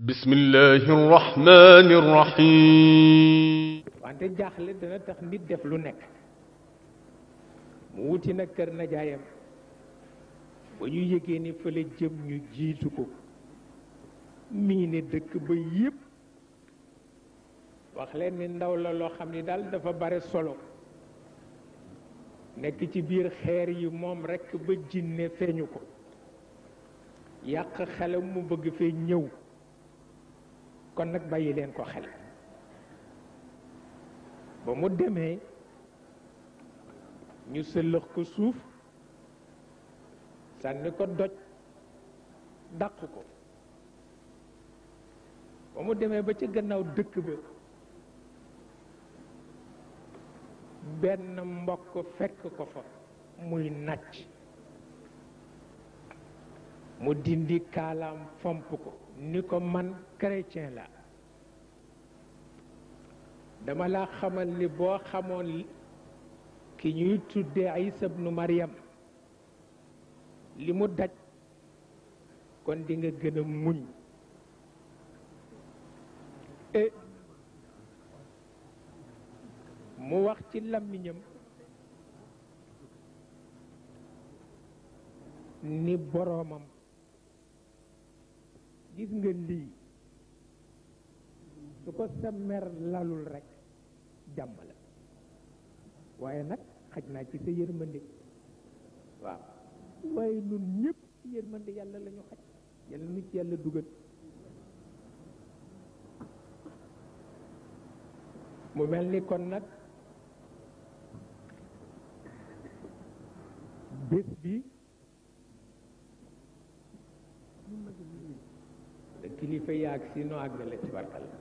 bismillahi rahmani rahim wante jaaxle dana tax nit def lu nekk mu wuti nag kër najaayam ba ñu yëgee ni fële jëm ñu jiitu ko mii ne dëkk ba yépp wax leen ni ndaw la loo xam ni daal dafa bare solo nekk ci biir xeer yi moom rekk ba jinne feeñu ko yàq xelam mu bëgg fee ñëw kon nag bàyyi leen ko xel ba mu demee ñu sëllëx ko suuf sànni ko doj dàq ko ba mu demee ba ca gannaaw dëkk ba benn mbokk fekk ko fa muy nàcc mu dindi kaalaam fomp ko ni ko man chrétien la dama la xamal ni boo xamoon ki ñuy tuddee ay ibnu Maryam li mu daj kon dinga nga gën muñ e mu wax ci làmmiñam ni boroomam gis nga lii su ko sa mer lalul rekk jàmm la waaye nag xaj naa ci sa yërmande waaw waaye nun ñëpp yërmande yàlla lañu ñu xaj yàlla nu yàlla dugal mu mel ni kon nag bés bi fa yàgg si noo àggale tubarkal la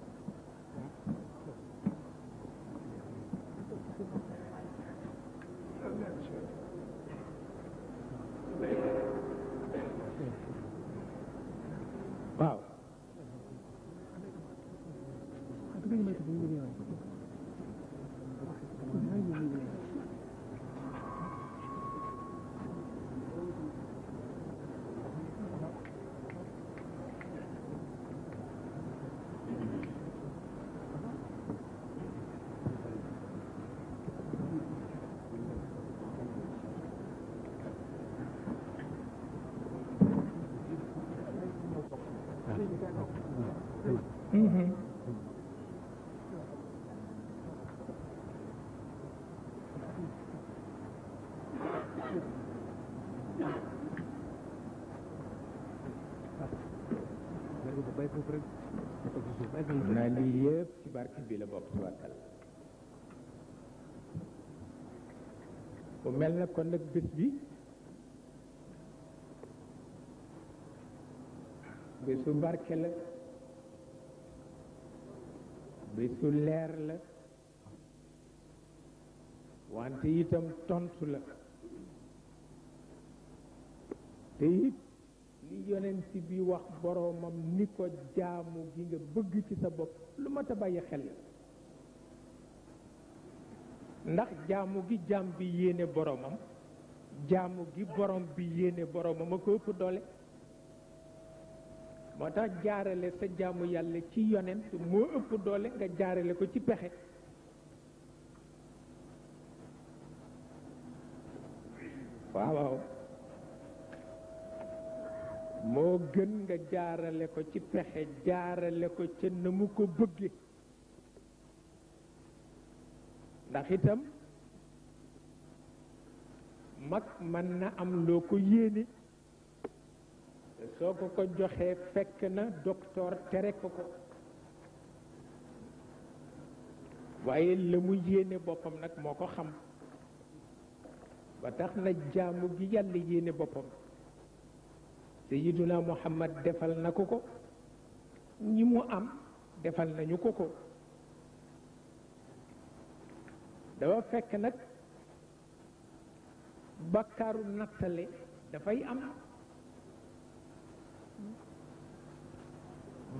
bu mel na ko nag bés bi bésu barke la bésu leer la wante itam tontu la te it li ci bi wax boroomam ni ko jaamu gi nga bëgg ci sa bopp lu ma ta bàyyi xel ndax jaamu gi jaam bi yéene boromam jaamu gi borom bi yéene boromam a ko ëpp doole moo tax jaarale sa jaamu yàlla ci yonent moo ëpp doole nga jaarale ko ci pexe waawaaw moo gën nga jaarale ko ci pexe jaarale ko ca na mu ko bëgge ndax mag mën na am loo ko yéene soo ko ko joxee fekk na doktoor tere ko ko waaye la mu yéene boppam nag moo ko xam ba tax na jaamu gi yàlla yéene boppam Sayyiduna Muhammad defal na ko ko ñi mu am defal nañu ko ko dafa fekk nag bakkaaru nattale dafay am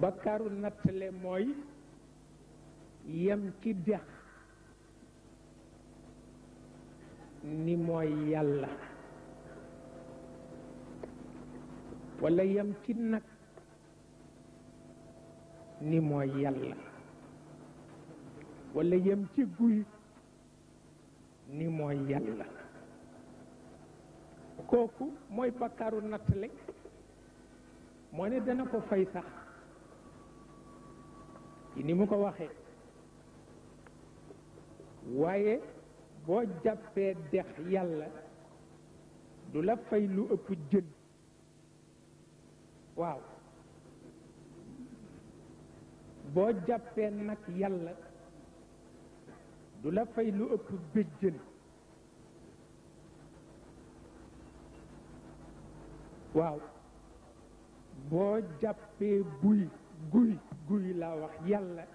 bakkaaru nattale mooy yam ci dex ni mooy yàlla walla yem ci nag ni mooy yàlla walla yem ci guy ni mooy yàlla kooku mooy bakkaaru nattale moo ne dana ko fay sax ci ni mu ko waxee waaye boo jàppee dex yàlla du la fay lu ëpp jën waaw boo jàppee nag yàlla du la fay lu ëpp béjjën waaw boo jàppee buy guy guy laa wax yàlla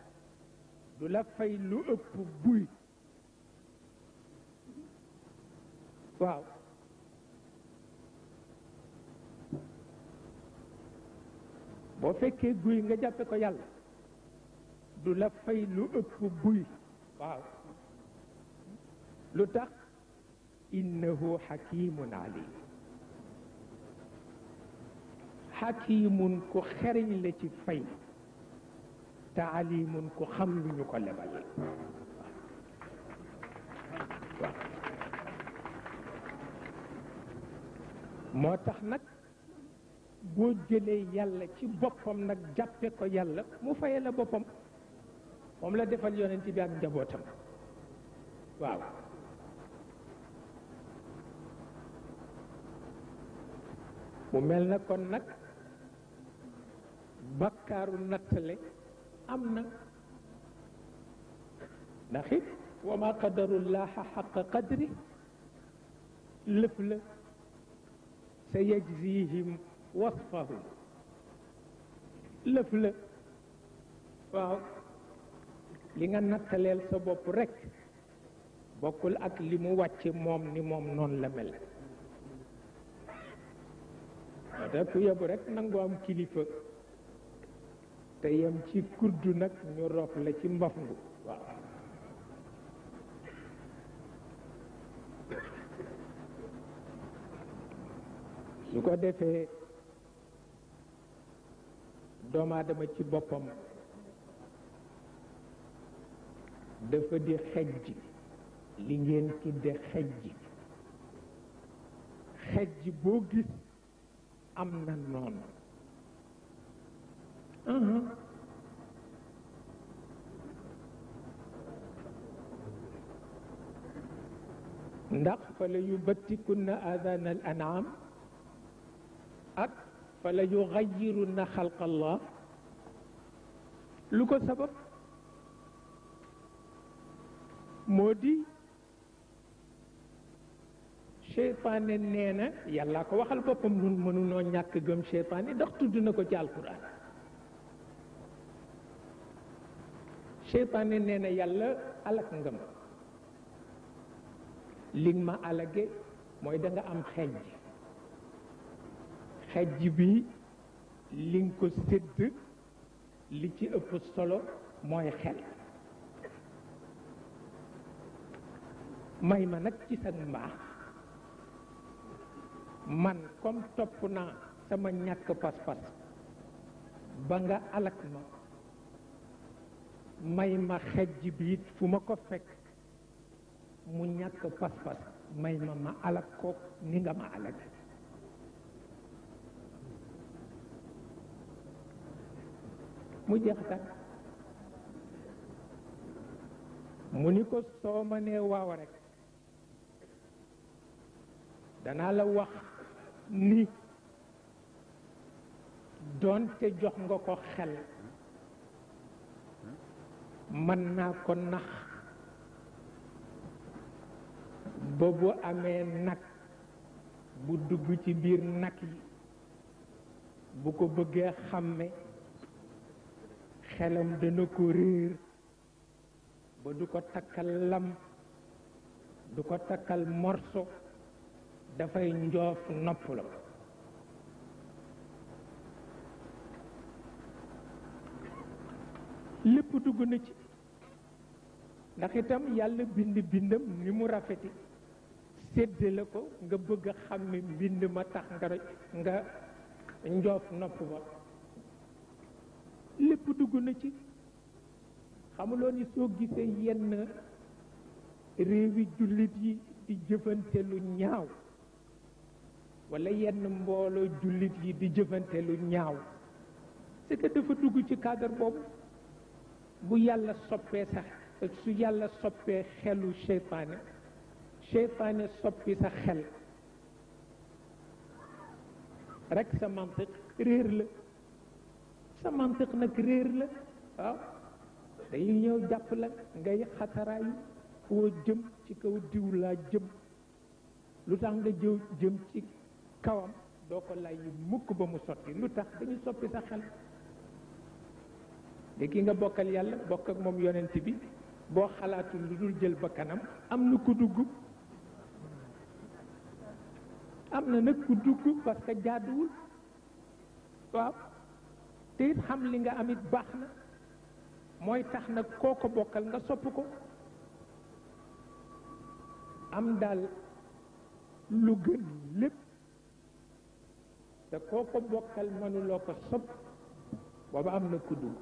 du la fay lu ëpp buy waaw boo fekkee guy nga jàppe ko yàlla du la fay lu ëpp buy waaw lu tax innahu xakimun alim xakimun ku xeriñ la ci fay te alimun ku xam lu ñu ko lebal moo tax nag boo jëlee yàlla ci boppam nag jàppe ko yàlla mu faye la boppam moom la defal yonent bi ak njabootam waaw mu mel na kon nag bakkaaru nattale am na ndax it wa ma qadarullaha xaqa qadri lëf la sa yajzihim wasfahum lëf waaw li nga nattaleel sa bopp rekk bokkul ak li mu wàcce moom ni moom noonu la mel te ku yebu rek nangu am kilifa te yem ci kuddu nag ñu rof la ci mbaf ngu su ko defee doomaadama ci boppam dafa di xejj li ngeen tudde xejj xejj boo gis am na noonu uh-huh. ndax fa la yu battikunna aadaan al anaam ak fa la yu xayirunna xalqallah lu ko sabab moo di seytaane nee na yàllaa ko waxal boppam nun mënunoo ñàkk gëm seytaane ndax tudd na ko ci alquran seytaane nee na yàlla alak ngëm ma alage mooy da nga am xejj xejj bi li nga ko sédd li ci ëpp solo mooy xel may ma nag ci sa mbaax man comme topp naa sama ñàkk pas-pas ba nga alak ma may ma xejj bi fu ma ko fekk mu ñàkk pas-pas may ma ma alak kook ni nga ma alak mu jeex tak mu ni ko soo ma nee waaw rekk danaa la wax lii doonte jox nga ko xel mën naa ko nax ba bu amee nag bu dugg ci biir nag yi bu ko bëggee xàmme xelam dana ko réer ba du ko takkal lam du ko takkal morso dafay njoof noppaloo lépp dugg na ci ndaxitam yàlla bind bindam ni mu rafeti sédde la ko nga bëgg a xam ne mbind ma tax nga nga njoof nopp ba lépp dugg na ci xamuloo ni soo gisee yenn réewi jullit yi di jëfante lu ñaaw wala yenn mbooloo jullit yi di jëfante lu ñaaw c'est dafa dugg ci cadre boobu bu yàlla soppee sax su yàlla soppee xelu seytaane seytaane soppi sa xel rek sa mantiq réer la sa mantiq nag réer la waaw dañuy ñëw jàpp la ngay xataraayu foo jëm ci kaw diw laa jëm lu tax nga jëw jëm ci kawam doo ko lay yu mukk ba mu sotti lu tax dañu soppi sa xel de nga bokkal yàlla bokk ak moom yonent bi boo xalaatul lu dul jël ba kanam am na ku dugg am na nag ku dugg parce que jaaduwul waaw te it xam li nga am it baax na mooy tax nag koo ko bokkal nga sopp ko am daal lu gën lépp te koo ko bokkal mënuloo ko sëpp booba am na ku dul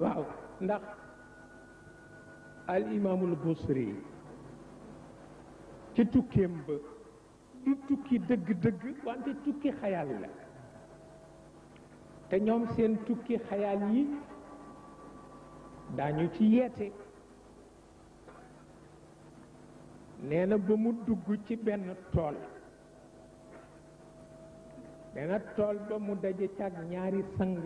waaw ndax al imaamul busri ci tukkeem ba du tukki dëgg-dëgg wante tukki xayaal la te ñoom seen tukki xayaal yi daañu ci yeete nee na ba mu dugg ci benn tool nee na tool ba mu daje cag ñaari sang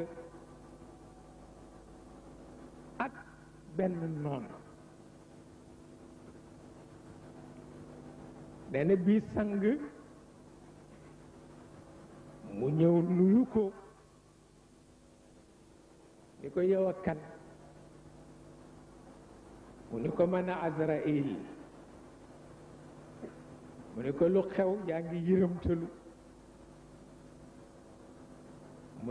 ak benn noon nee na bii sang mu ñëw nuyu ko ni ko yow a kan mu ni ko mën a Azraïl mu ni ko lu xew yaa ngi yërëmtalu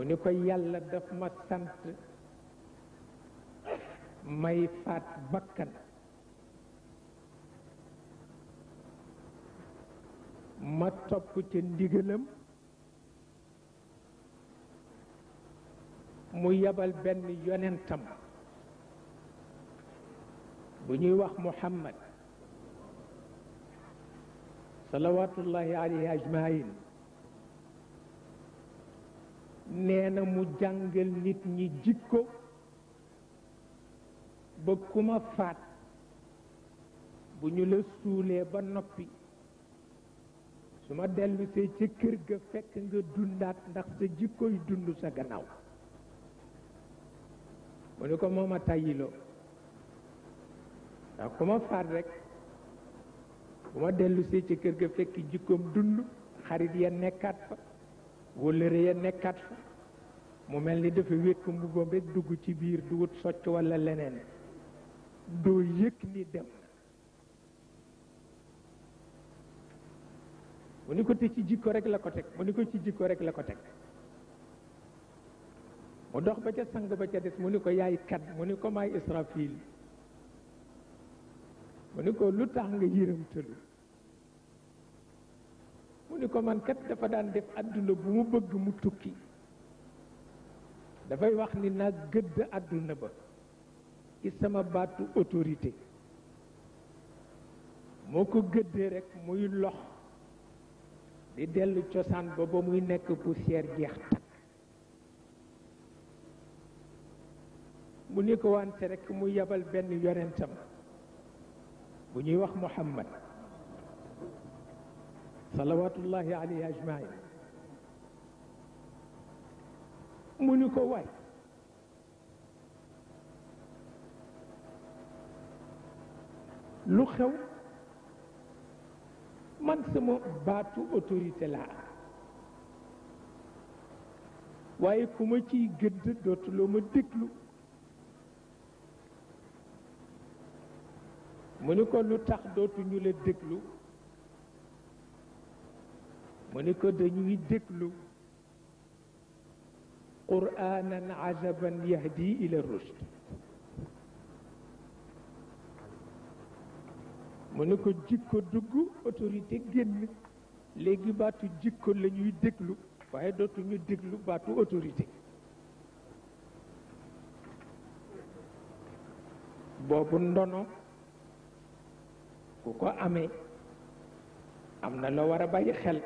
mu ni ko yàlla daf ma sant may faat bakkan ma topp ca ndigalam mu yabal benn yonentam bu ñuy wax muhammad salawatullahi alayhi ajmain nee na mu jàngal nit ñi jikko ba ku ma faat bu ñu la suulee ba noppi su ma dellusee ca kër ga fekk nga dundaat ndax sa jikkoy dund sa gannaaw mu ne ko moom a tàyyiloo ndax ku ma faat rekk bu ma dellusee ca kër ga fekk jikkoom dund xarit ya nekkaat fa wóllëre ya nekkaat mu mel ni dafa wékk mbubbam rek dugg ci biir dugut socc walla leneen doo yëg ni dem na mu ni ko te ci jikko rek la ko teg mu ni ko ci jikko rek la ko teg mu dox ba ca sang ba ca des mu ni ko yaay kat mu ni ko maay Israfil mu ni ko lu tax nga yërëmtalu mu ni ko man kat dafa daan def àdduna bu mu bëgg mu tukki dafay wax ni naa gëdd àdduna ba ci sama baatu autorité moo ko gëddee rekk muy lox di dellu cosaan ba ba muy nekk poussière jeex takk mu ni ko wante rekk mu yabal benn yonentam bu ñuy wax Muhammad salawaatullahi alayhi ajmain mu ni ko waay lu xew man sama baatu autorité laa waaye ku ma ciy gëdd dootuloo ma déglu mu ni ko lu tax dootuñu la déglu mu ni ko dañuy déglu quraanan ajaban yahdi ila rushd mu ni ko jikko dugg autorité génn léegi baatu jikko lañuy ñuy déglu waaye dootuñu déglu baatu autorité boobu ndono ku ko amee am na la war a bàyyi xel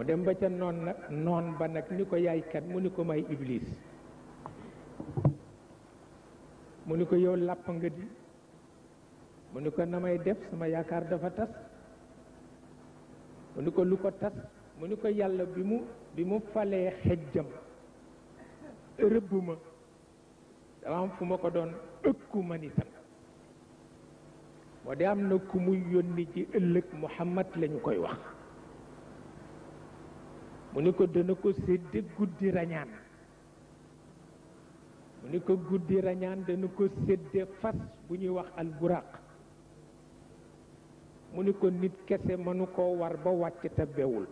mu dem ba ca noon nag noon ba nag ni ko yaaykat mu ni ko may iblis mu ni ko yow làpp nga di mu ni ko na may def sama yaakaar dafa tas mu ni ko lu ko tas mu ni ko yàlla bi mu bi mu falee xejjam rëbb ma dama am fu ma ko doon ëkku man itam moo de am na ku muy yónni ci ëllëg Muhammad lañu koy wax mu ni ko dana ko sédde guddi rañaan mu ni ko guddi rañaan dana ko sédde fas bu ñuy wax alburaq mu ni ko nit kese mënu koo war ba wàcc te bewul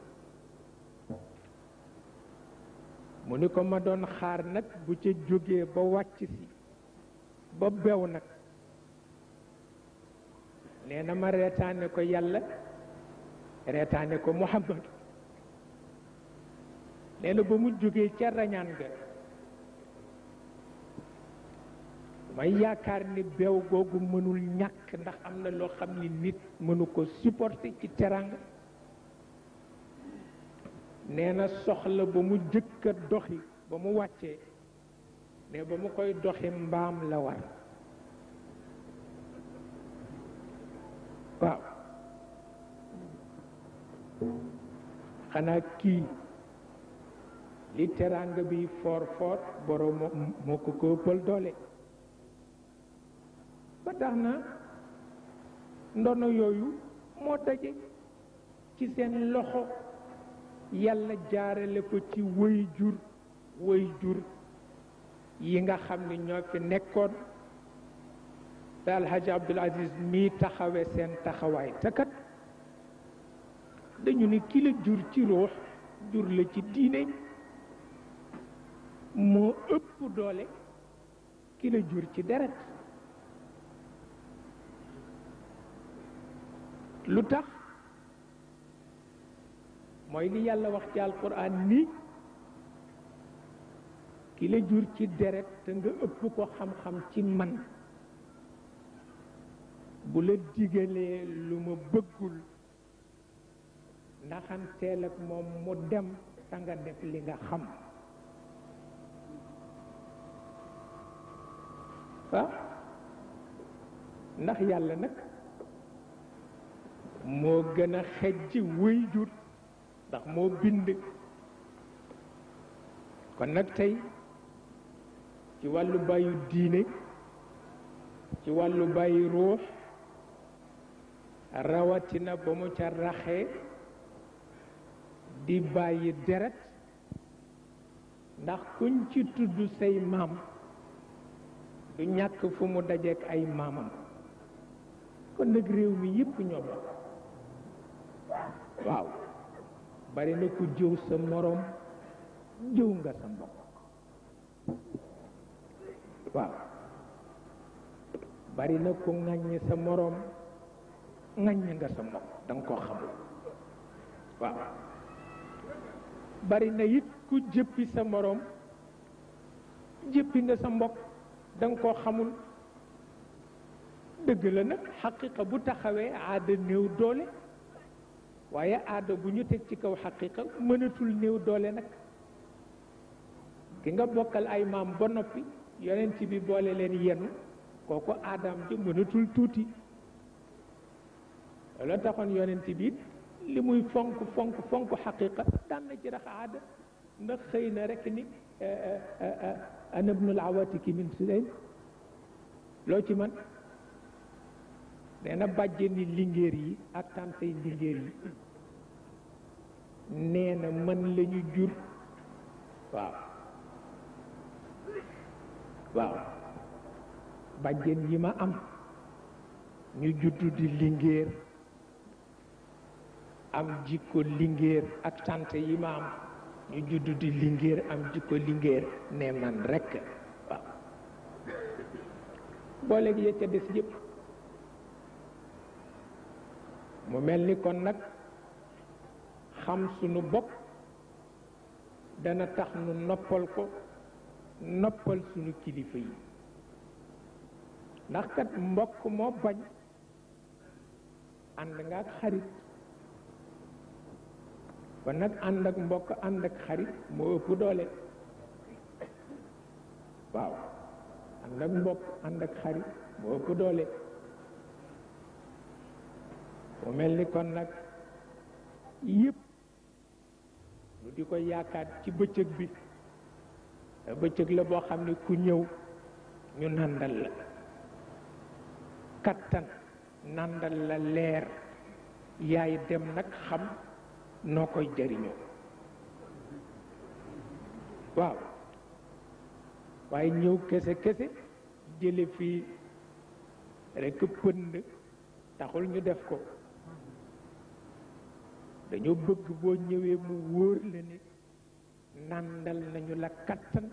mu ni ko ma doon xaar nag bu ca jógee ba wàcc si ba bew nag nee na ma reetaane ko yàlla reetaane ko muhammad nee na ba mu jógee ca rañaan ga may yaakaar ni beew googu mënul ñàkk ndax am na loo xam ni nit mënu ko supporter ci teranga nee na soxla ba mu jëkk doxi ba mu wàccee ne ba mu koy doxi mbaam la war waaw xanaa kii li teraanga bi foor foor borom moo ko ko ëppal doole ba tax na ndono yooyu moo daje ci seen loxo yàlla jaarale ko ci wëy jur wëy jur yi nga xam ni ñoo fi nekkoon te alxaaji abdul aziz mii taxawe seen taxawaay takat dañu ne ki la jur ci ruux jur la ci diine moo ëpp doole kilo jur ci deret lu tax mooy li yàlla wax ci alquran ni ki la jur ci deret te nga ëpp ko xam-xam ci man bu la digalee lu ma bëggul ndaxanteel ak moom mu dem ta nga def li nga xam waaw ndax yàlla nag moo gën a xejj wëy jur ndax moo bind kon nag tey ci wàllu bàyyu diine ci wàllu bàyyi ruux rawatina ba mu ca raxee di bàyyi deret ndax kuñ ci tudd say maam du ñàkk fu mu dajeek ay maamam kon nag réew mi yëpp ñoo bokk waaw bari na ku jëw sa moroom jëw nga sa mbokk waaw bari na ku sa moroom ŋàññi nga sa mbokk danga koo xamul waaw bari na it ku jëppi sa moroom jëppi nga sa mbokk danga koo xamul dëgg la nag xaqiqa bu taxawee aada néew doole waaye aada bu ñu teg ci kaw xaqiqa mënatul néew doole nag ki nga bokkal ay maam ba noppi yonent bi boole leen yenu kooku aadaam ji mënatul tuuti loolu taxoon yonent bii li muy fonk fonk fonk xaqiqa daan na ci rax aada ndax xëy na rek ni eh, eh, eh, ana ibnul awatiki min sudayn loo ci man nee na bàjjeni lingéer yi ak tàntey lingéer yi nee na man la jur waaw waaw bàjjen yi ma am ñu juddu di lingéer am jikko lingéer ak tànte yi ma am ñu juddu di lingéer am jikko lingéer ne man rekk waaw booleeg ca des yépp mu mel ni kon nag xam sunu bopp dana tax nu noppal ko noppal sunu kilifa yi ndax kat mbokk moo bañ ànd nga ak xarit kon nag ànd ak mbokk ànd ak xarit moo ëpp doole waaw ànd ak mbokk ànd ak xarit moo ëpp doole mu mel ni kon nag yépp lu di ko yaakaar ci bëccëg bi bëccëg la boo xam ne ku ñëw ñu nàndal la kattan nàndal la leer yaay dem nag xam noo koy jariñoo waaw waaye ñëw kese kese jële fii rekk pënd taxul ñu def ko dañoo bëgg boo ñëwee mu wóor la ni nàndal nañu la kattan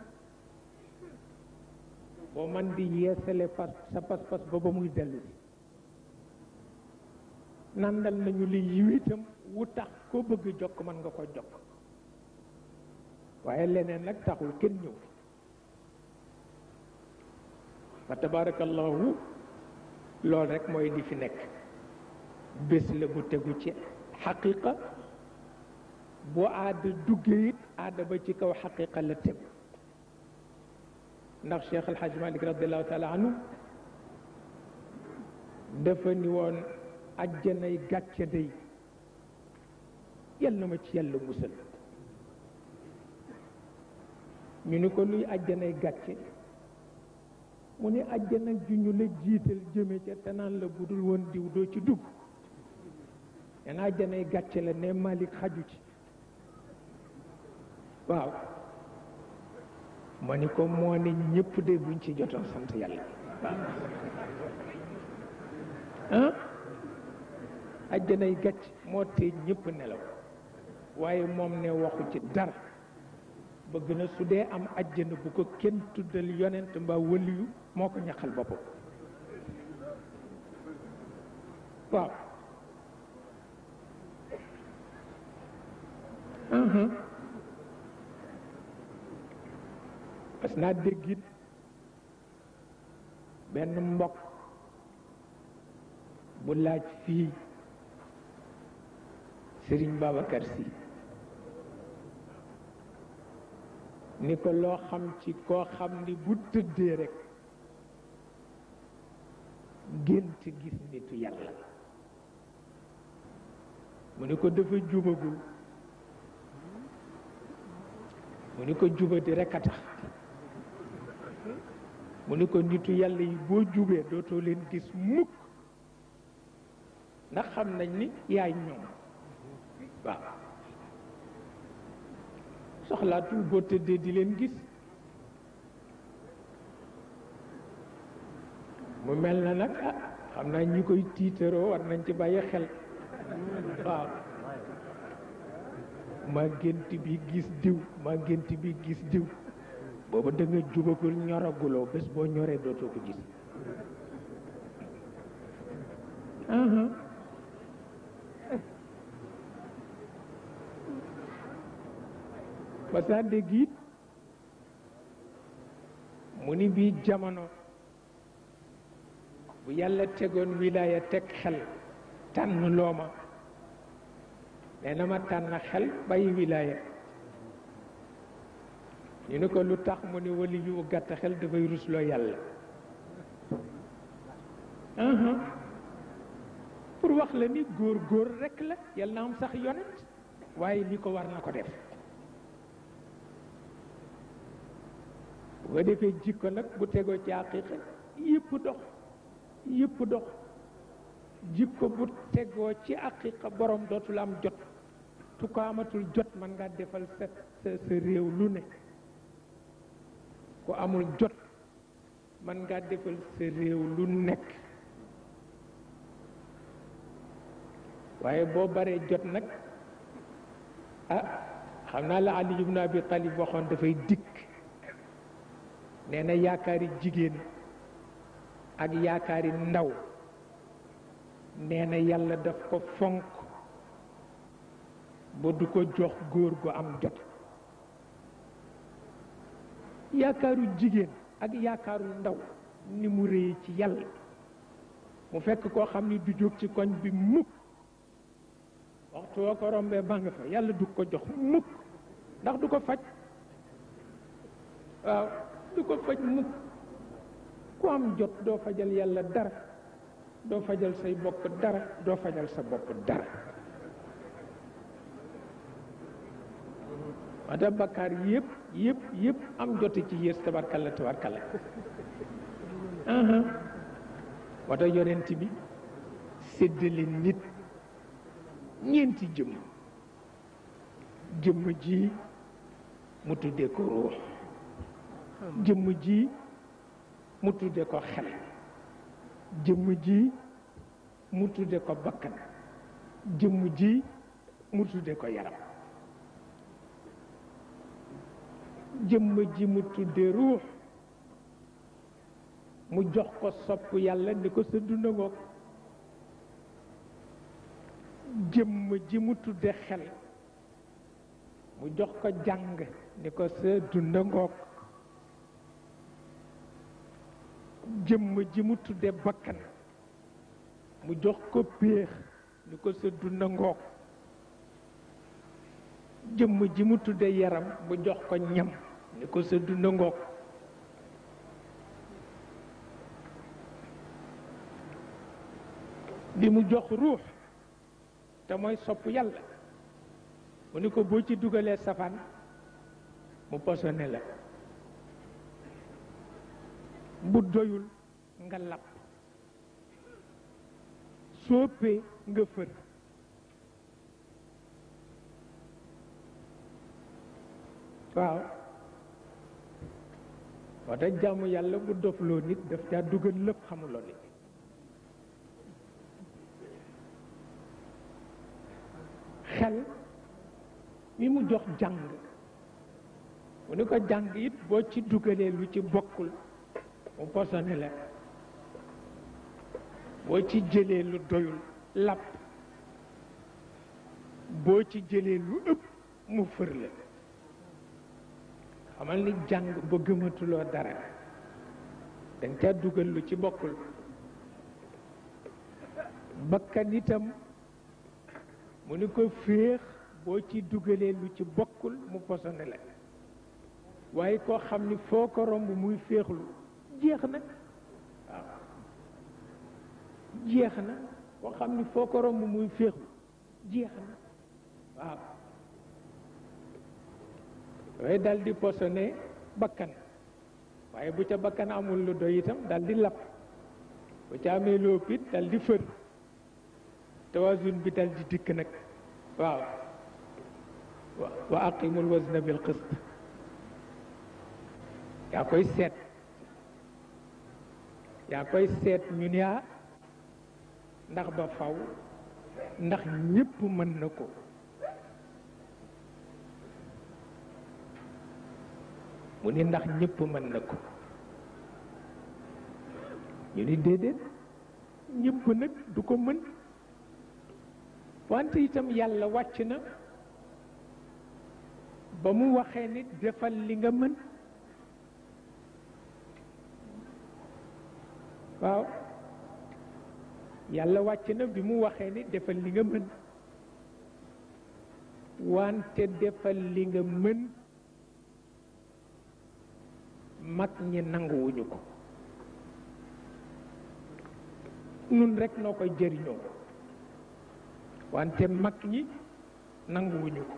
boo man bi yeesale pas sa pas-pas ba ba muy dellu nàndal nañu li yiw wu tax koo bëgg jokk man nga ko jokk waaye leneen nag taxul kenn ñëw fi fa tabarakallahu loolu rek mooy li fi nekk bés la bu tegu ci xaqiqa bu aada duggee it aada ba ci kaw xaqiqa la tegu ndax Cheikh Al Hadj Malick radiallahu taala anhu dafa ni woon ajjanay gàcce day na ma ci yàlla musal ñu ni ko luy àjjanay gàcce mu ne àjjana ju ñu la jiital jëme ca te naan la budul woon diw doo ci dugg dana àjjanay gàcce la ne Malick xaju ci waaw ma ni ko moo ne ñëpp de buñ ci jotoon sant yàlla ah àjjanay gàcce moo tee ñëpp nelaw waaye moom ne waxu ci dara bëgg na su dee am àjjana bu ko kenn tuddal yonent mbaa wëliyu moo ko ñaxal boppam waaw parce mhm. naa déggit benn mbokk bu laaj fii Serigne Babacar Sy ni ko loo xam ci koo xam ni bu tëddee rek gént gis nitu yàlla mu ni ko dafa jubagul mu ni ko jubati rekk a tax mu ni ko nitu yàlla yi boo jubee dootoo leen gis mukk ndax xam nañ ni yaay ñoom soxlaatu boo tëddee di leen gis mu mel na nag ah, xam naa ñi koy tiitaroo war nañ ci bàyyi xel waaw maa gént bi gis diw maa gént bi gis diw boobu da jubagul ñoraguloo bés boo ñoree dootoo ko gis ba saa dégg it mu ni bii jamono bu yàlla tegoon wilaaya teg xel tànn looma nee na ma tànn xel bàyyi wilaaya ñu ne ko lu tax mu ni wali yu gàtt xel dafay rusloo yàlla pour wax la ni góor góor rekk la yàlla na am sax yonent waaye li ko war na ko def bu ko defee ko nag bu tegoo ci àqiqa yëpp dox yëpp dox jikko bu tegoo ci àqiqa borom dootul am jot tu ko amatul jot man ngaa defal sa réew lu ne ku amul jot man nga defal réew lu nekk waaye boo baree jot nag ah xam naa la Ali ibn Abi Talib waxoon dafay dikk nee na yaakaari jigéen ak yaakaari ndaw neena yàlla daf ko fonk ba du ko jox góor gu am jot yaakaaru jigéen ak yaakaaru ndaw ni mu réy ci yàlla mu fekk koo xam ni du jóg ci koñ bi mukk waxtu woo ko rombee ba fa yàlla du ko jox mukk ndax du ko faj waaw du ko faj mukk ku am jot doo fajal yàlla dara doo fajal say bopp dara doo fajal sa bopp dara wata bakkaar yëpp yëpp am jot ci yées tabarkalla tabarkalla wata yonent bi séddale nit ñeenti jëmm jëmm ji mu tuddee ko ruux jëmm ji mu tudde ko xel jëmm ji mu tudde ko bakkan jëmm ji mu tudde ko yaram jëmm ji mu tudde ruux mu jox ko sopp yàlla ni ko sa dund ngoog jëmm ji mu tudde xel mu jox ko jàng ni ko sa dund jëmm ji mu tudde bakkan mu jox ko péex ni ko sa dunda ngoog jëmm ji mu tudde yaram mu jox ko ñam ni ko sa dunda ngoog bi mu jox ruux te mooy sopp yàlla mu ni ko boo ci dugalee safaan mu posone la bu doyul nga lab sóopee nga fër waaw moo tax jàmm yàlla bu dofloo nit daf caa dugal lépp xamuloo nit xel mi mu jox jàng mu ni ko jàng it boo ci dugalee lu ci bokkul mu posone boo ci jëlee lu doyul làpp boo ci jëlee lu ëpp mu fër la xamal ni jàng ba gëmatuloo dara dañ caa dugal lu ci bokkul bakkan itam mu ni ko féex boo ci dugalee lu ci bokkul mu posone la waaye koo xam ni foo ko romb muy féexlu jeex na jeex na koo xam ni foo ko romb muy féexlu jeex na waaw yooyu dal posone bakkan waaye bu ca bakkan amul lu doy itam dal di bu ca amee lu ëpp it fër tawazun bi dal dikk nag waaw wa aqimul wazna bil qist yaa koy seet yaa koy seet ñu ne ndax ba faw ndax ñépp mën na ko mu ni ndax ñépp mën na ko ñu ni déedéet ñépp nag du ko mën wante itam yàlla wàcc na ba mu waxee nit defal li nga mën waaw yàlla wàcc na bi mu waxee ni defal li nga mën wante defal li nga mën mag ñi nanguwuñu ko nun rekk noo koy jëriñoo wante mag ñi nanguwuñu ko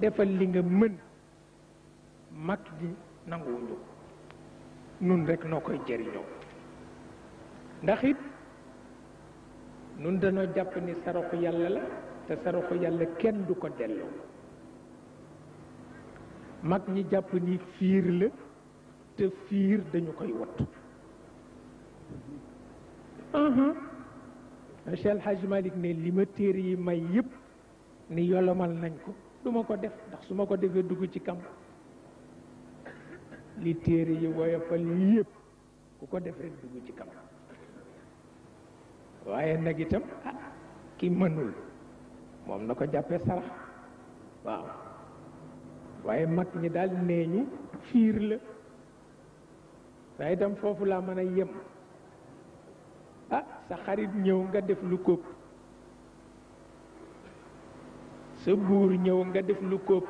defal li nga mën mag ñi nanguwuñu ko nun rekk noo koy jëriñoo ndax nun danoo jàpp ni saraxu yàlla la te saraxu yàlla kenn du ko delloo mag ñi jàpp ni fiir la te fiir dañu koy wattu Cheikh El Hadj ne li ma téere yi may yëpp ni yolomal nañ ko du ma ko def ndax su ma ko defee dugg ci kam li téere yi woyofal yëpp ku ko def rek dugg ci kam waaye nag itam ah kii mënul moom na ko jàppee sarax waaw waaye mat ñi daal nee ñu fiir la waaye itam foofu laa mën a yem ah sa xarit ñëw nga def lu kóob sa buur ñëw nga def lu kóob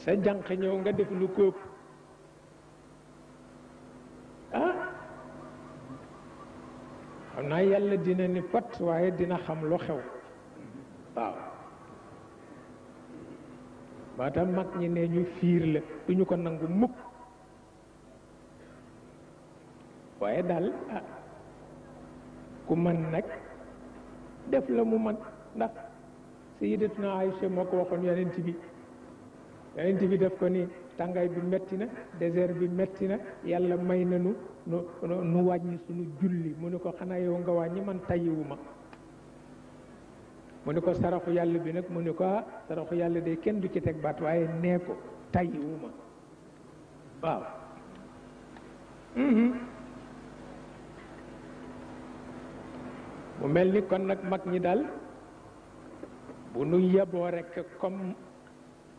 sa janq ñëw nga def lu kóob xam naa yàlla dina ni pat waaye dina xam lu xew waaw ba tax mag ñi ne ñu fiir la du ñu ko nangu mukk waaye daal ah ku mën nag def la mu mën ndax Sayyidatuna Aïcha moo ko waxoon yonent bi yonent bi def ko ni tàngaay bi metti na désert bi metti na yàlla may nanu nu nu wàññi sunu julli mu ne ko xanaa yow nga wàññi man tayiwuma mu ne ko saraxu yàlla bi nag mu ne ko ah yàlla de kenn du ci teg baat waaye nee ko tayiwuma waaw mhm. mu mel ni kon nag mag ñi daal bu nu yeboo rekk comme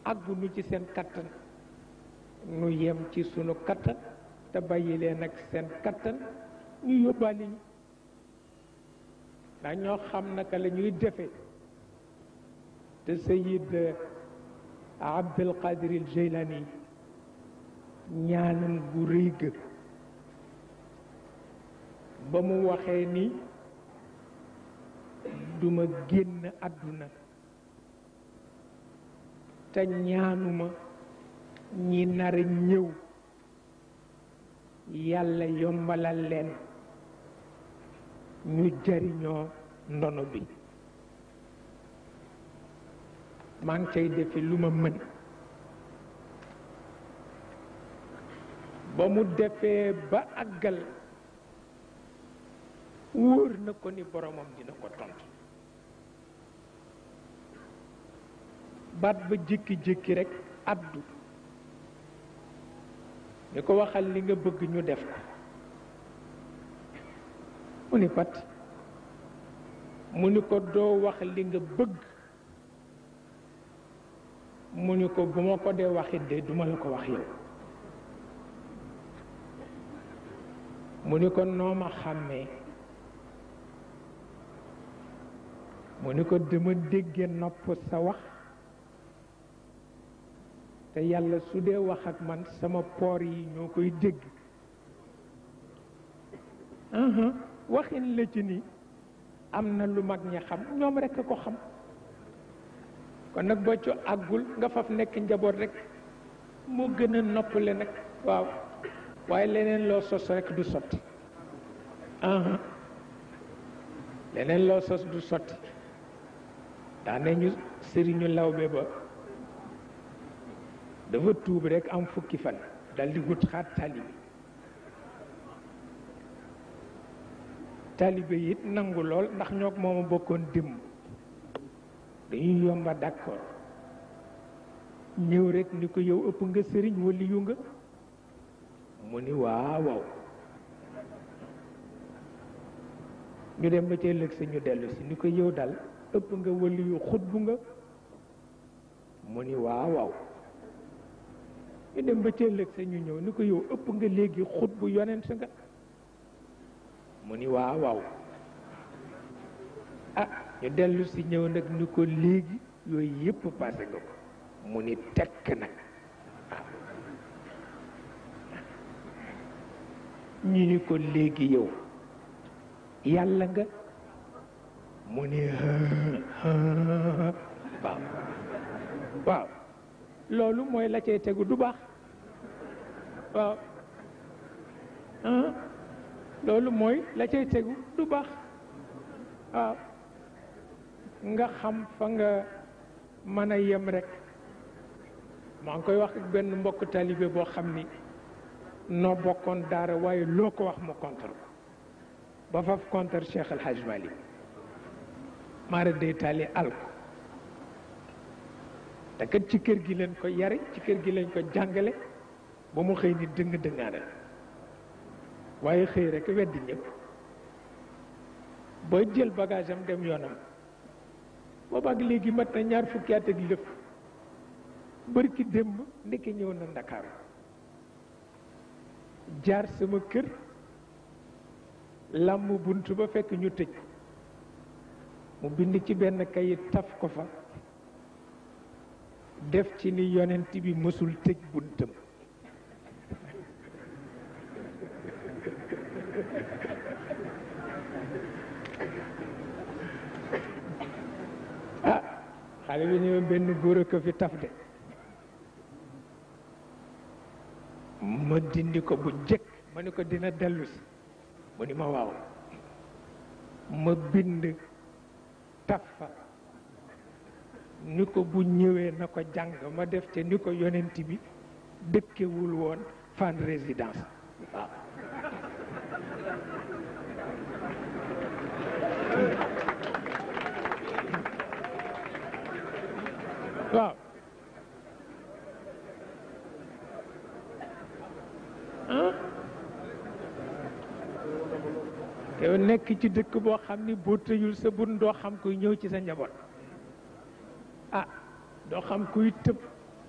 àgguñu ci seen kattan nu yem ci sunu katt te bàyyi ak seen kattan ñu yóbbaale ñu ndax ñoo xam naka la ñuy defe te sayid abdul qadir al jaylani gu rëy ga ba mu waxee ni duma génn àdduna te ñaanuma ñi nara ñëw yàlla yombalal leen ñu jariñoo ndono bi maa cay defe lu ma mën ba mu defee ba àggal wóor na ko ni boromam dina ko tontu baat ba jikki jikki rekk addu ni ko waxal li nga bëgg ñu def ko mu ni pat mu ni ko doo wax li nga bëgg mu ni ko bu ma ko dee waxit de duma la ko wax yow mu ni ko nooma ma xàmmee mu ni ko dama dégge nopp sa wax te yàlla su dee wax ak man sama poor yi ñoo koy dégg uh-huh. waxin la ci ni am na lu mag ña xam ñoom rekk ko xam kon nag boo ci àggul nga faf nekk njaboot rek moo gën a noppale nag waaw leneen loo sos rek du sotti uh-huh. leneen loo sos du sotti daa ne ñu sëriñu lawbe ba dafa tuub rekk am fukki fan dal di wut xaat taalibe taalibe it nangu lool ndax ñoog mooma bokkoon démb dañuy yomba d'accord ñëw rekk ni ko yow ëpp nga sëriñ wala yu nga mu ni waawaw ñu dem ba ca ëllëg sa ñu dellusi ni ko yow dal ëpp nga wala yu nga mu ni waaw ñu dem ba cëllëg sa ñu ñëw ni ko yow ëpp nga léegi xut bu yonent nga mu ni waaw ah ñu dellu si ñëw nag ni ko léegi yooyu yëpp passé ko mu ni tekk nag ñu ni ko léegi yow yàlla nga mu ni waaw loolu mooy la cay tegu du baax waaw loolu mooy la cay tegu du baax nga xam fa nga mën a yem rek maa ngi koy wax benn mbokk talibé boo xam ni noo bokkoon daara waaye loo ko wax mu contre ko ba faf contre Cheikh El mara day taali alko te kat ci kër gi leen ko yare ci kër gi leen ko jàngale ba mu xëy ni dëng dëngaanal waaye xëy rek weddi ñëpp ba jël bagage dem yoonam boobaak léegi mat na ñaar fukki at ak lëf bërki démb ndeke ñëw na ndakaaru jaar sama kër làmb bunt ba fekk ñu tëj mu bind ci benn kayit taf ko fa def ci ni yonent bi mësul tëj buntam ah xale bi ñëw benn góor ko fi taf de ma dindi ko bu jëkk ma ni ko dina dellu si mu ni ma waaw ma bind taf fa ni ko bu ñëwee na ko jàng ma def te ni ko yonent bi dëkkewul woon fan résidence waaw waaw nekk ci dëkk boo xam ni boo tëjul sa bun doo xam koy ñëw ci sa njaboot a ah, doo xam kuy tëb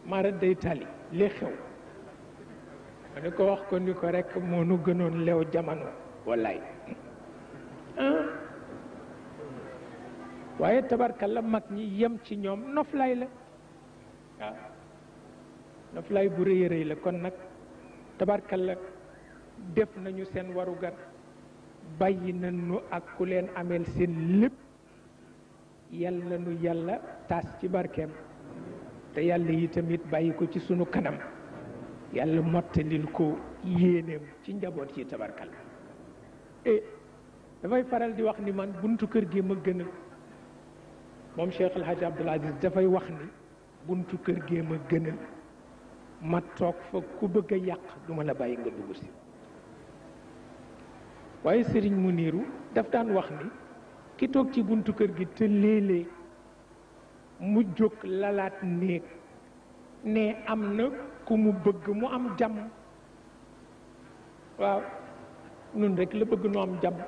marat day tali li xew ma ne ko wax ko ni ko rek moo nu gënoon leew jamono wallaay ah waaye tabarkalla mag ñi yem ci ñoom noflaay la waaw ah. noflaay bu rëy rëy la kon nag tabarkalla def nañu seen warugar bàyyi nañu ak ku leen ameel seen lépp yal nu yàlla taas ci barkeem te yàlla yi tamit bàyyi ko ci sunu kanam yàlla mottalil ko yéeneem ci njaboon ci tabarkal e eh, dafay faral di wax ni man buntu kër gi ma gënal moom Cheikh El Hadj Abdoul Aziz dafay wax ni buntu kër gee ma gënal ma toog fa ku bëgg a yàq du ma la bàyyi nga dugg si waaye Serigne Muniru daf daan wax ni ki toog ci buntu kër gi te léeg-léeg mu jóg lalaat néeg ne am na ku mu bëgg mu am jàmm waaw nun rek la bëgg nu am jàmm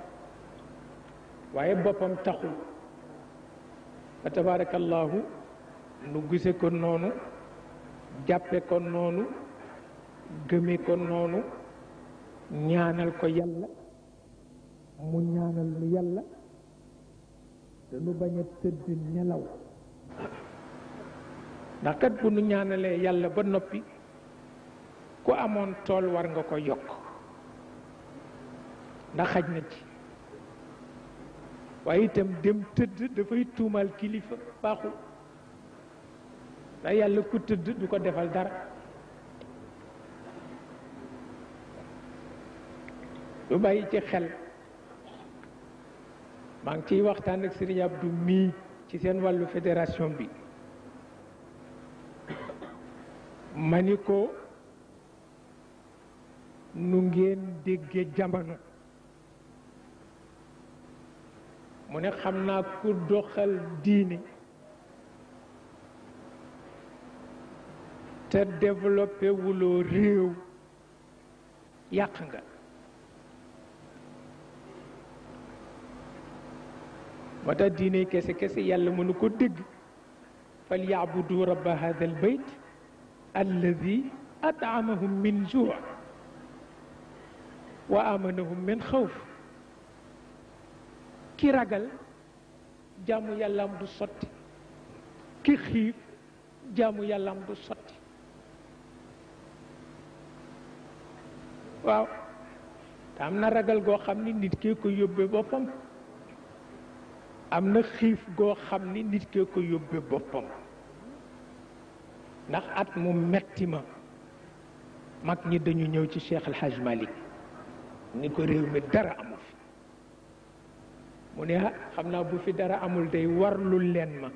waaye boppam taxul fa tabaarakallaahu nu gise ko noonu jàppe ko noonu gëme ko noonu ñaanal ko yàlla mu ñaanal lu yàlla te nu bañ a tëdd nelaw ndax kat bu nu ñaanalee yàlla ba noppi ku amoon tool war nga ko yokk ndax xaj na ci waaye itam dem tëdd dafay tuumaal kilifa baaxul ndax yàlla ku tëdd du ko defal dara lu bàyyi ci xel maa ciy waxtaan ak Serigne Abdou mii ci seen wàllu fédération bi ma ni ko nu ngeen dégge jamono mu ne xam naa ku doxal diine te développé wuloo réew yàq nga moo tax diine kese kese yàlla mënu ko dégg fal yaabudu rabba hadha al bayt alladi ataamahum min juu wa amanahum min xawf ki ragal jaamu yàllaam du sotti ki xiif jaamu yàllaam du sotti waaw te na ragal goo xam ni nit kee ko yóbbee boppam am na xiif goo xam ni nit kee ko yóbbe boppam ndax at mu metti ma mag ñi dañu ñëw ci Cheikh El Hadj ni ko réew mi dara amu fi mu ne ah, xam naa bu fi dara amul day warlul leen ma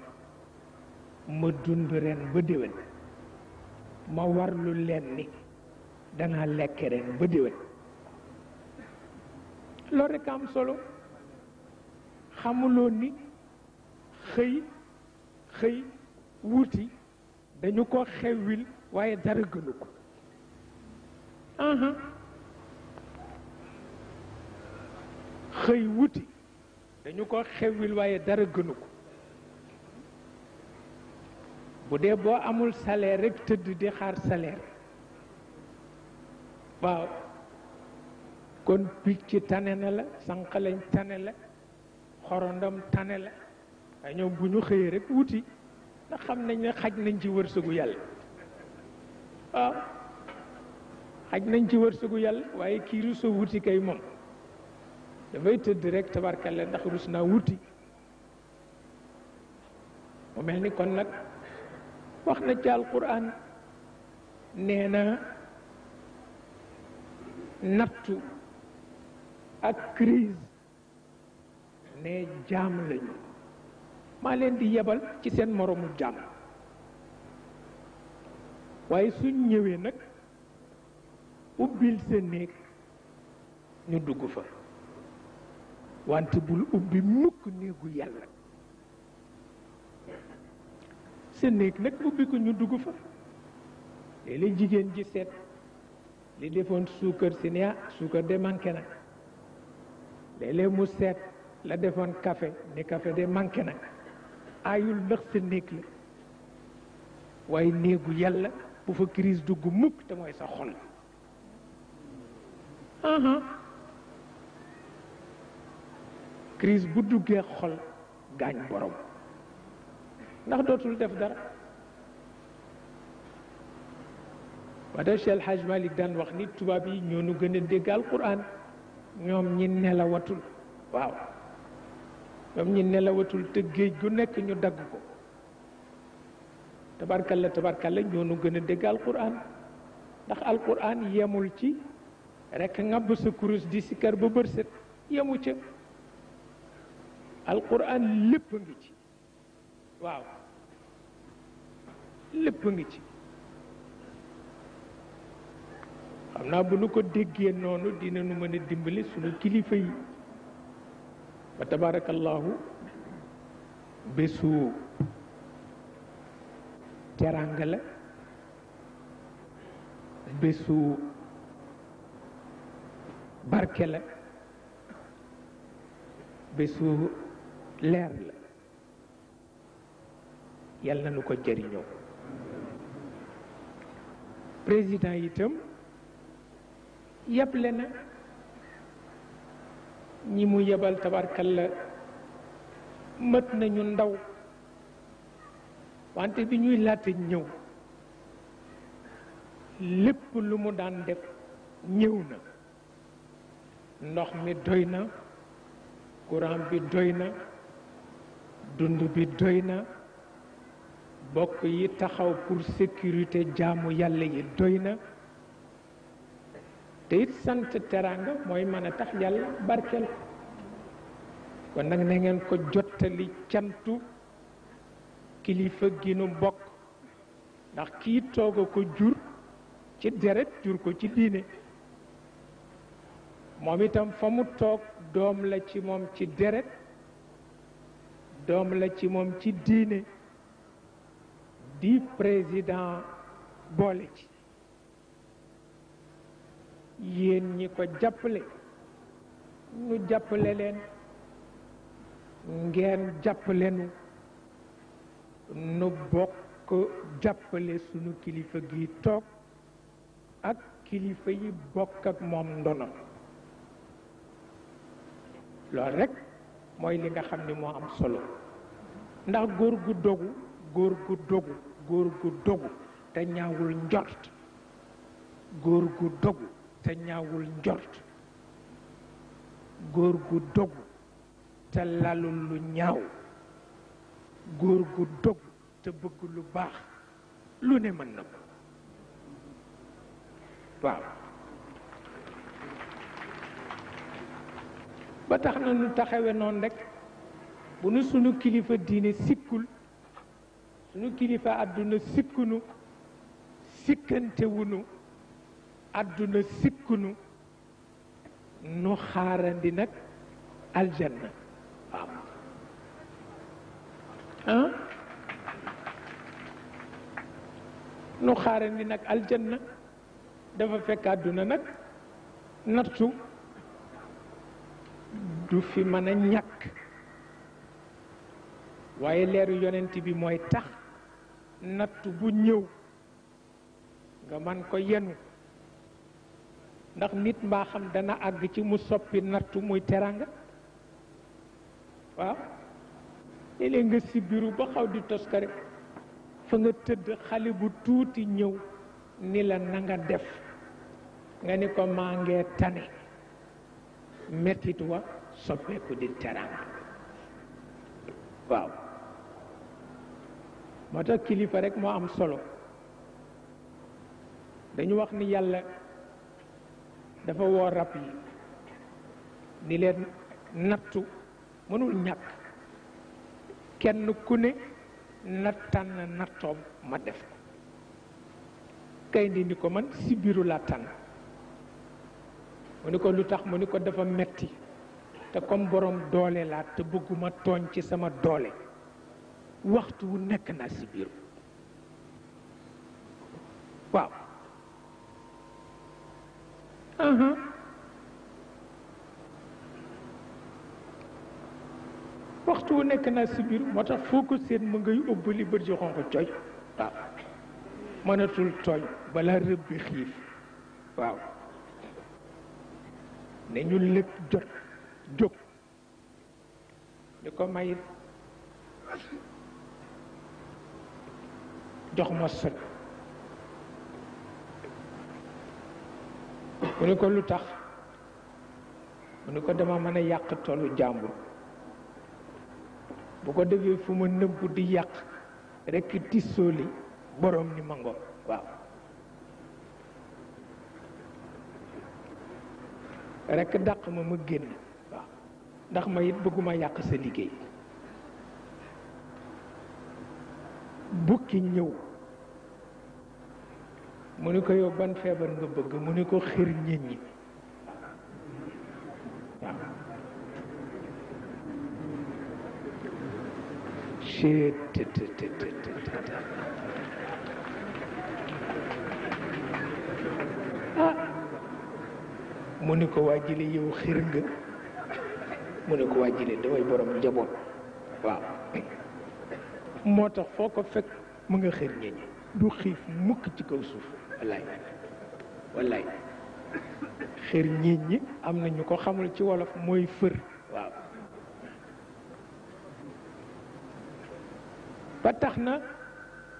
ma dund ren ba déwén ma warlul leen ni danaa lekk ren ba déwén loolu rekk am solo xamuloon ni xëy xëy wuti dañu ko xewwil waaye dara gënu ko dañu ko xewwil waaye dara gënu ko bu dee boo amul salaire rekk tëdd di xaar salaire waaw kon picc tane na la sànq tane la xorondom tane la waaye bu ñu xëyee rek wuti ndax xam nañ ne xaj nañ ci wërsëgu yàlla waaw xaj nañ ci wërsëgu yàlla waaye kii rusoo wuti kay moom dafay tëdd rek tabarkalla ndax rus naa wuti mu mel ni kon nag wax na ci alquran nee na nattu ak crise ne jaam lañu maa leen di yebal ci seen moroomu jaam waaye suñ ñëwee nag ubbil sa néeg ñu dugg fa wante bul ubbi mukk néegu yàlla sa néeg nag ubbi ko ñu dugg fa léeg-léeg jigéen ji seet li defoon suukar si ah, suukar de manqué na léeg-léeg mu seet la defoon kafe ni café de manqué na ayul ndax sa néeg la waaye néegu yàlla bu fa crise dugg mukk te mooy sa xol crise bu duggee xol gaañ borom ndax dootul def dara waa def Cheikh El Hadj daan wax ni tubaab yi ñoo nu gën a dégg alquran ñoom ñi nelawatul waaw ñoom ñi nelawatul te géej gu nekk ñu dagg ko tabarkalla tabarkalla ñoo nu gën a dégg alquran ndax alquran yemul ci rekk ngàbb sa kurus di sikar ba bërset yemu ca alquran lépp ngi ci waaw lépp ngi ci xam naa bu nu ko déggee noonu dina nu mën a dimbali sunu kilifa yi fa tabaarakallaahu bésu teranga la bésu barke la bésu leer la yal na nu ko jëriñoo président itam yàpp le na ñi mu yebal la mët nañu ndaw wante bi ñuy laata ñëw lépp lu mu daan def ñëw na ndox mi doy na courant bi doy na dund bi doy na bokk yi taxaw pour sécurité jaamu yàlla yi doy na te it sant teraanga mooy mën a tax yàlla barkeel ko kon nag na ngeen ko jottali cantu kilifa gi nu bokk ndax kii toog ko jur ci deret jur ko ci diine moom itam fa mu toog doom la ci moom ci deret doom la ci moom ci diine di président boole ci yéen ñi ko jàppale nu jàppale leen ngeen jàppale nu nu bokk jàppale sunu kilifa gi toog ak kilifa yi bokk ak moom ndono lool rekk mooy li nga xam ni moo am solo ndax góor gu dogu góor gu dogu góor gu dogu te ñaawul njort góor gu dogu te ñaawul njort góor gu dog te lalul lu ñaaw góor gu dogu te bëgg lu baax lu ne mën na ko waaw ba tax na nu taxawe noon rekk bu nu sunu kilifa diine sikkul sunu kilifa àdduna sikkunu sikkantewunu àdduna sikkunu nu xaarandi nag aljanna nu xaarandi nag aljanna dafa fekk àdduna nag nattu du fi mën a ñàkk waaye leeru yonent bi mooy tax nattu bu ñëw nga man ko yenu ndax nit mbaa xam dana àgg ci mu soppi nattu muy teranga waaw léeg-léeg nga sibiru ba xaw di toskare fa nga tëdd xale bu tuuti ñëw ni la nanga def nga ni ko maa ngee tane mettit wa soppeeku di teranga waaw moo tax kilifa rek moo am solo dañu wax ni yàlla dafa woo rab yi ni leen nattu mënul ñàkk kenn ku ne na tànn nattoom ma def ko gaynde ni ko man si biiru laa tànn mu ni ko lu tax mu ni ko dafa metti te comme borom doole laa te bëgguma tooñ ci sama doole waxtu wu nekk naa si waaw Mm-hmm. waxtu wu nekk naa si biir moo tax foo ko seet mu ngay ëbbali bët ji xonq cooj mënatul tooñ balaa rëb bi xiif waaw ne ñu lëg jot jóg ñu ko mayit jox ma sot mu ne ko lu tax mu ne ko dama mën a yàq tollu jàmbur bu ko defee fu ma nëbbu di yàq rekk tissooli borom ni ma ngoon waaw rekk dàq ma ma génn waaw ndax ma it bëgguma yàq sa liggéey bukki ñëw mu ni ko yow ban feebar nga bëgg mu ni ko xir ñit ñi ah mu ni ko wàjjile yow xir nga mu ni ko wàjjile damay borom njaboot waaw moo tax foo ko fekk mu nga xir ñit ñi du xiif mukk ci kaw suuf wallaay wallaay xër ñiit ñi am na ñu ko xamul ci wolof mooy fër waaw ba tax na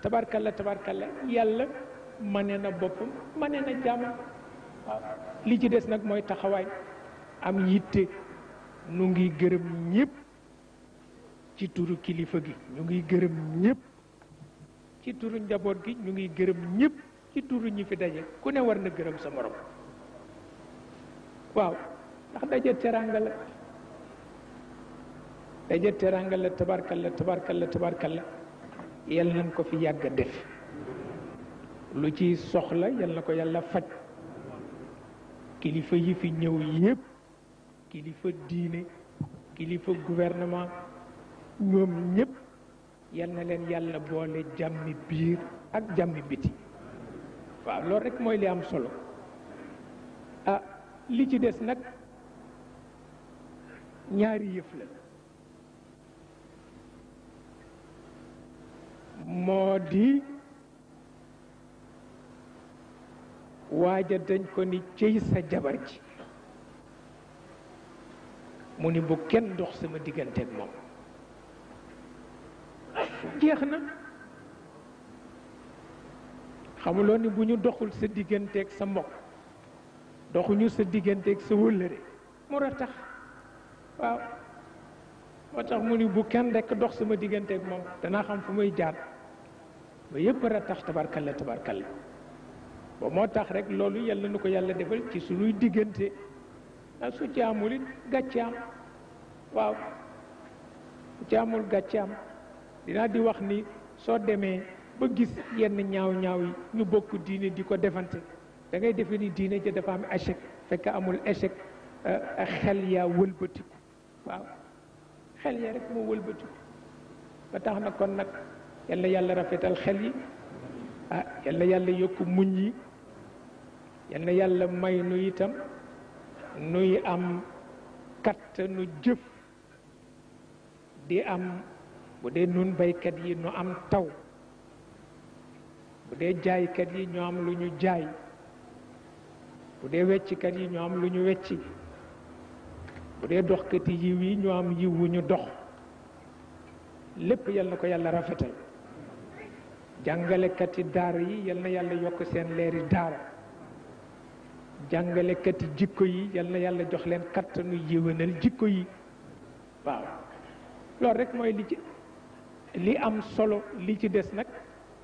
tabarkalla tabarkalla yàlla mane na boppam mane na jàmmam waaw li ci des nag mooy taxawaay am yitte nu ngi gërëm ñëpp ci turu kilifa gi ñu ngi gërëm ñëpp ci turu njaboot gi ñu ngi gërëm ñëpp ci turu ñi fi daje ku ne war na gërëm sa morom waaw ndax daje teranga la daje teranga la tabarkalla tabarkalla tabarkalla yal nañ ko fi yàgg a def lu ci soxla yal na ko yàlla faj kilifa yi fi ñëw yépp kilifa diine kilifa gouvernement ñoom ñépp yal na leen yàlla boole jàmmi biir ak jàmmi biti waaw loolu rekk mooy li am solo ah li ci des nag ñaari yëf la moo di waaja dañ ko ni cëy sa jabar ji mu ni bu kenn dox sama diggante ak moom jeex na xamuloo ni bu ñu doxul sa digganteeg sa mbokk doxuñu sa digganteeg sa wëllëre mu a waaw moo tax mu ni bu kenn rekk dox sama digganteeg moom danaa xam fu may jaar ba yëpp a tax tabarkalla tabarkalla ba moo tax rek loolu yàlla na ko yàlla defal ci suñuy diggante ak su ci amul it gàccaam waaw su ci amul gàccaam dinaa di wax ni soo demee ba gis yenn ñaaw ñaaw yi ñu bokk diine di ko defante da ngay defee ni diine ja dafa am échec fekk amul échec euh, xel yaa wëlbatiku waaw xel yaa rek moo wëlbatiku ba tax na kon nag yenn yàlla rafetal xel yi ah yal yàlla yokk muñ yi yenn na yàlla may nu itam nuy am kattanu jëf di am bu dee nun baykat yi nu am taw bu dee jaaykat yi ñoo am lu ñu jaay bu dee weccikat yi ñoo am lu ñu wecci bu dee doxkati yiw yi ñoo am yiw wu ñu dox lépp yal ko yàlla rafetal jàngalekati daara yi yal na yàlla yokk seen leeri daara jàngalekati jikko yi yal yàlla jox leen kattanu yéwénal jikko yi waaw loolu rek mooy li ci li am solo li ci des nag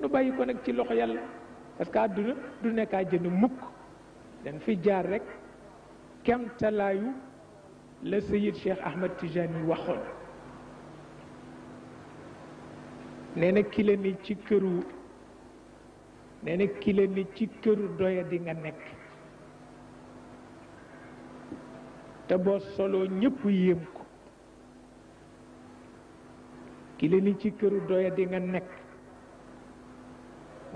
nu bàyyi ko nag ci loxo yàlla parce que àdduna du nekkaa jënd mukk dañ fi jaar rekk kemtalaayu la sayid Cheikh Ahmad Tijani yi waxoon nee na ki la ci këru nee na doya di nekk te boo soloo ñëpp yéem ko ki la ci këru doya di nga nekk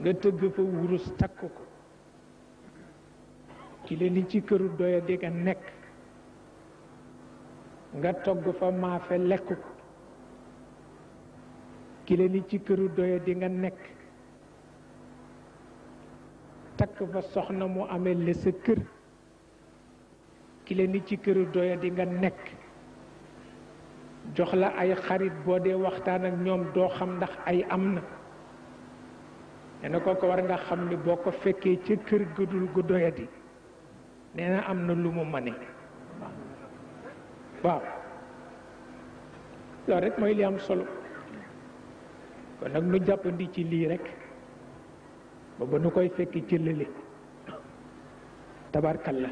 nga tëgg fa wurus takk ko ci la ci këru doya di nga nekk nga togg fa maafe lekk ko ki la ci këru doya di nga nekk takk fa soxna mu amee la sa kër ki la ci këru doya di nga nekk jox la ay xarit boo dee waxtaan ak ñoom doo xam ndax ay am na nee na kooku war nga xam ni boo ko fekkee ca kër gudul gu doyadi nee na am na lu mu mane waaw loolu rek mooy li am solo kon nag nu jàppandi ci lii rek ba nu koy fekki ci lële la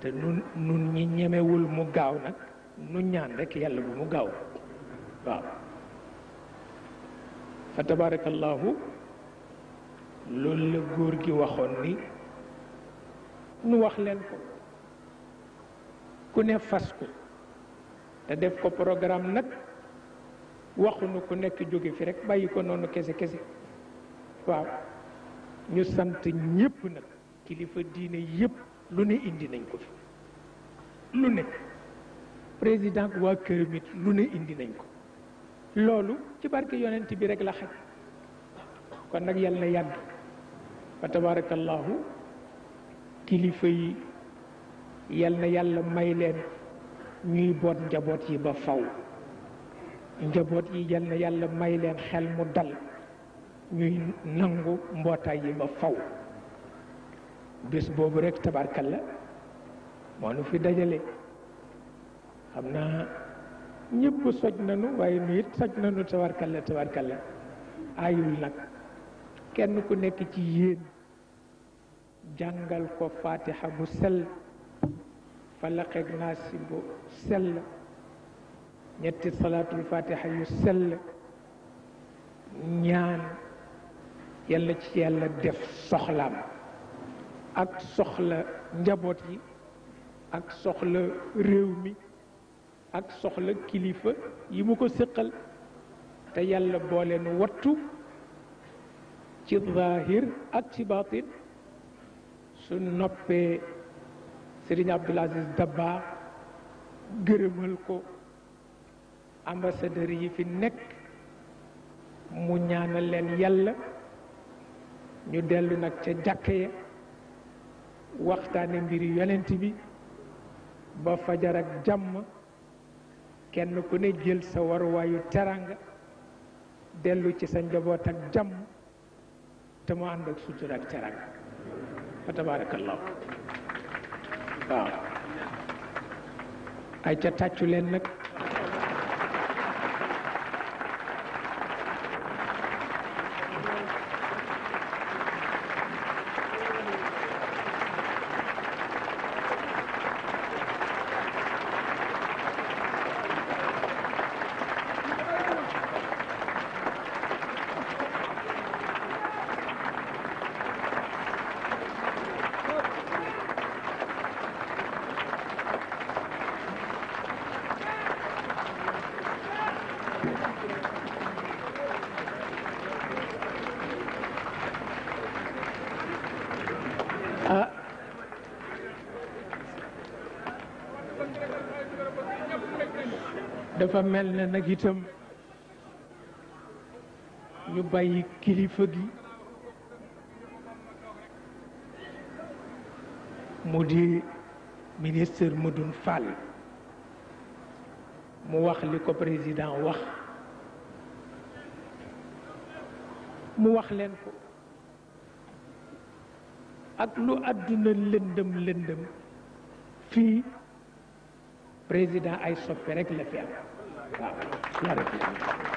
te nun nun ñi ñemewul mu gaaw nag nu ñaan rek yàlla bu mu gaaw waaw fa tabarakallahu loolu la góor gi waxoon ni nu wax leen ko ku ne fas ko te def ko programme nag waxuñu ku nekk jóge fi rek bàyyi ko noonu kese kese waaw ñu sant ñépp nag kilifa diine yépp lu ne indi nañ ko fi lu ne président waa këram lu ne indi nañ ko loolu ci barke yonent bi rek la xaj kon nag yal na yàgg fa tabaarakallaahu kilifa yi yal na yàlla may leen ñuy boot njaboot yi ba faw njaboot yi yal na yàlla may leen xel mu dal ñuy nangu mbootaay yi ba faw bés boobu rek tabaarkalla moo nu fi dajale xam naa ñëpp soj nanu waaye nu it soj nanu tabaarkalla tabaarkalla aayul nag kenn ku nekk ci yéen jàngal ko fatiha bu sell falaqeeg naasi bu sell ñetti salaatul fatiha yu sell ñaan yàlla ci yàlla def soxlaam ak soxla njaboot yi ak soxla réew mi ak soxla kilifa yi mu ko séqal te yàlla boole nu wattu ci zaahir ak ci baatin su noppee Serigne Abdoul Aziz Dabba gërëmal ko ambassadeur yi fi nekk mu ñaana leen yàlla ñu dellu nag ca jàkka ya waxtaane mbiri yonent bi ba fajar ak jàmm kenn ku ne jël sa waruwaayu teranga dellu ci sa njaboot ak jàmm te mu ànd ak fa tabarakallahu waaw ay ca tàccu leen nag mel ne nag itam ñu bàyyi kilifa gi mu di ministre Medoune Fall mu wax li ko président wax mu wax leen ko ak lu àdduna lëndëm lëndëm fii président ay soppe rekk la fi am Claro que sí.